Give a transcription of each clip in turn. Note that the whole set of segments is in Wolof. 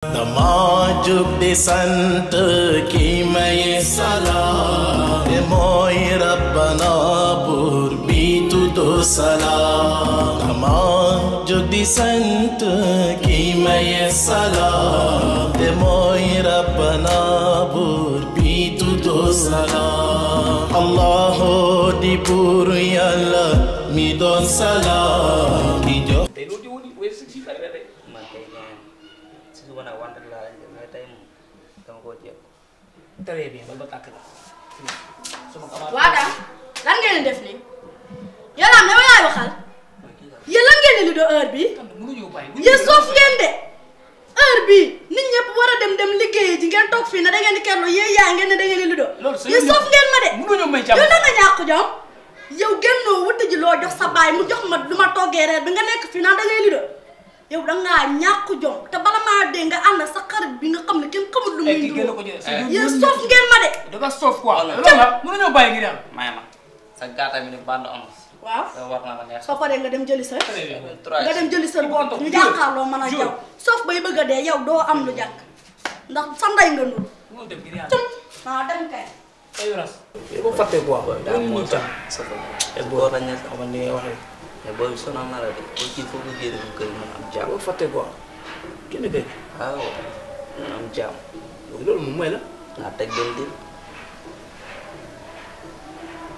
dama jug di sant ki may salaam te mooy rabbana buur bi tuddu salaam dama jug di sant ki may salaam te mooy rabbana buur bi tuddu salaam allahu di buur yàlla mi doon salaam suba nag wante daal lan ngeen di def nii. yàlla am dama yaay ngeen di lu do heure bi yéen soof ngeen de heure bi nit ñëpp war a dem dem liggéeyi ji ngeen toog fii na da ngeen di kerlo yéen yaa ngeen ne da ngeen di lu do soof ngeen ma de yow da nga ñàkk jom yow génnoo wuti loo jox sa baay mu jox ma du toggee reer bi nga nekk fii naan da ngay yow da ngaa ñàkk jom te bala maa dee nga am ànd sa xarit bi nga xam ne kenn xamul lu muy eh, dund. Eh. yéen soof ngeen ma de. dafa soof quoi. sa gàttal la neex. soo nga dem jëli sa. nga dem jëli sa bopp ñu a jaw soof bay bëgg dee yow doo am lu jàkk ndax sa ndey nga nul. moo dem ngir yàlla waaw ah, dem kay. ay sa bopp. est mais booy bi sonal na la de booy kii foo ko génne mu kër mën am jàmm. boo fàtte quoi génne kay. Ah waaw mën am jàmm. donc loolu moom mooy la. naa teg benn dil.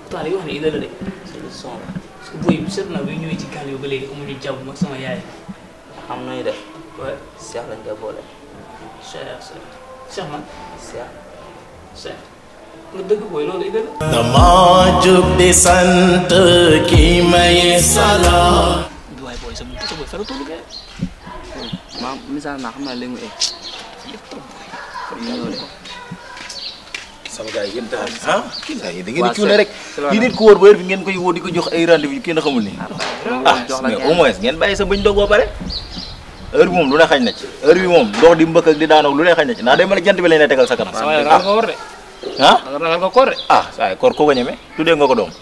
pourtant li wax ni idée de. c'est le son parce que booy bi seet naa bi ñëwee ci kàll yi ba léegi amuñu jàmm ak yaay. xam nooy def. waaw Cheikh lañ koy boole. Cheikh Cheikh Cheikh nga dëgg booy loolu idée la. dama jóg di sant kii maye sala. waaye booy sa sa booy fële naa xam naa léegi mu egg. yëpp toog booy. sama gars yi yéen daal di cuune rek. yi ku wóor ba heure bi ngeen koy woo jox ay rendez-vous kenn xamul ni. ah mais au sa bëñ doog ba pare. heure bi moom lu ne xañ na ci heure bi moom dox di mbëkk ak di daanoo lu ne xañ na ci ndax day mën jant bi lañ lay tegal sa kanam. ah da nga ko nga koor de. ah saa koor koo ko tuddee nga ko doom.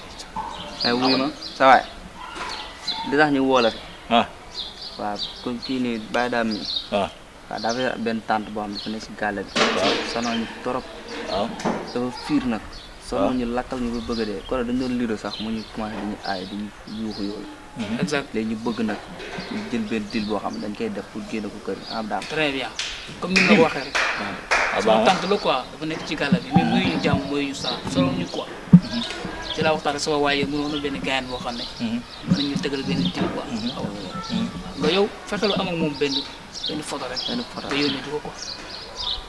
waaye wuyu ma sa waay li tax ñu woo la fi. ah kii nii bàyyi daam mi. waaw waaw daa benn tante boo xam ne dafa ne si gàlle bi. waaw ñu trop. waaw dafa fiir nag. waaw ñu lakkal ñu ba bëgg dee kon dañu doon liir sax mu ñu commencé di ñu aay di ñu yuuxu yooyu. exact ñu bëgg nag ñu jël benn dil boo xam ne dañ koy def pour génne ko kër yi am daal. waxee rek. sama tante la quoi dafa nekk ci gàlla bi mais mooy ñu jàmm mooy ñu saa solo ñu quoi mhm. ci ne mhm. mën nañu tëgal benn diw quoi xaw mhm. nga yow fexelu am ak moom benn benn photo rek nga yónnee di ko quoi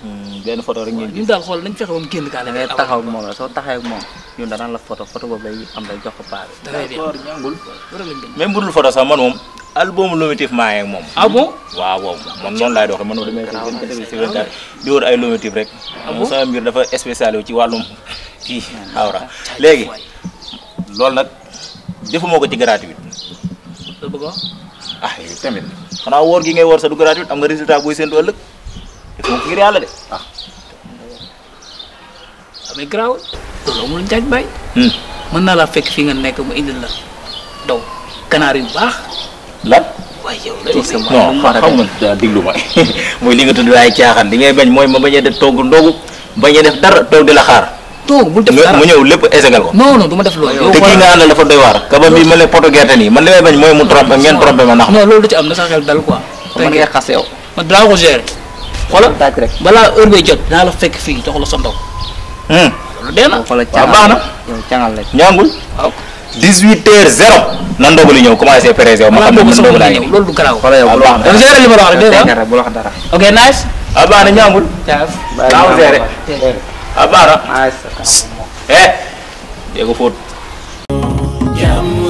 hmm, benn photo rek ngeen gis ñun daal xool nañ fexe ba mu génn kaale da ngay taxaw ak moom la soo taxawee ak moom ñun danaan la photo photo boobu lay am lay jox ko paa bu dul photo sax man moom album lomotif maa yeeg moom. ah bon waaw moom man noonu laay doxee man ma demee si di wër ay lomotif rek. ah bon sama mbir dafa spécial ci wàllum ah, nag defumoo ko ci gratuit. ah xanaa woor gi ngay woor sa du am nga résultat buy séntu ëllëg defuma ko ah. Ah, njaaj bay. Hmm. mën naa laa fekk fii nga nekk mu indil la daw ganaar yu baax. la waaye xam nga diglu ma mooy li nga tudd waaye caaxaan di ngay bañ mooy ma bañ a def togg ndogu bañ a def dara toog di la xaar. mu ñëw lépp éségal ko. ma def loolu. te kii nga àndal dafa doy waar. kaba bi ma ne poto gerte nii man li may bañ mooy mu trompé ngeen trompé ma ndax. non loolu du ci am na sa xel dal quoi. te ngeen xas yow. man dinaa ko gérer. la fekk fii jox la sa hmm. baax na ñaangul 18 heures zéro nan doog ñëw commencé préser ma xam ne man doog laa ñëw loolu du garaaw wala yow bu wax dara bu wax dara ok nice abana ah, ñaamul jaas naaw zéré abana nice eh,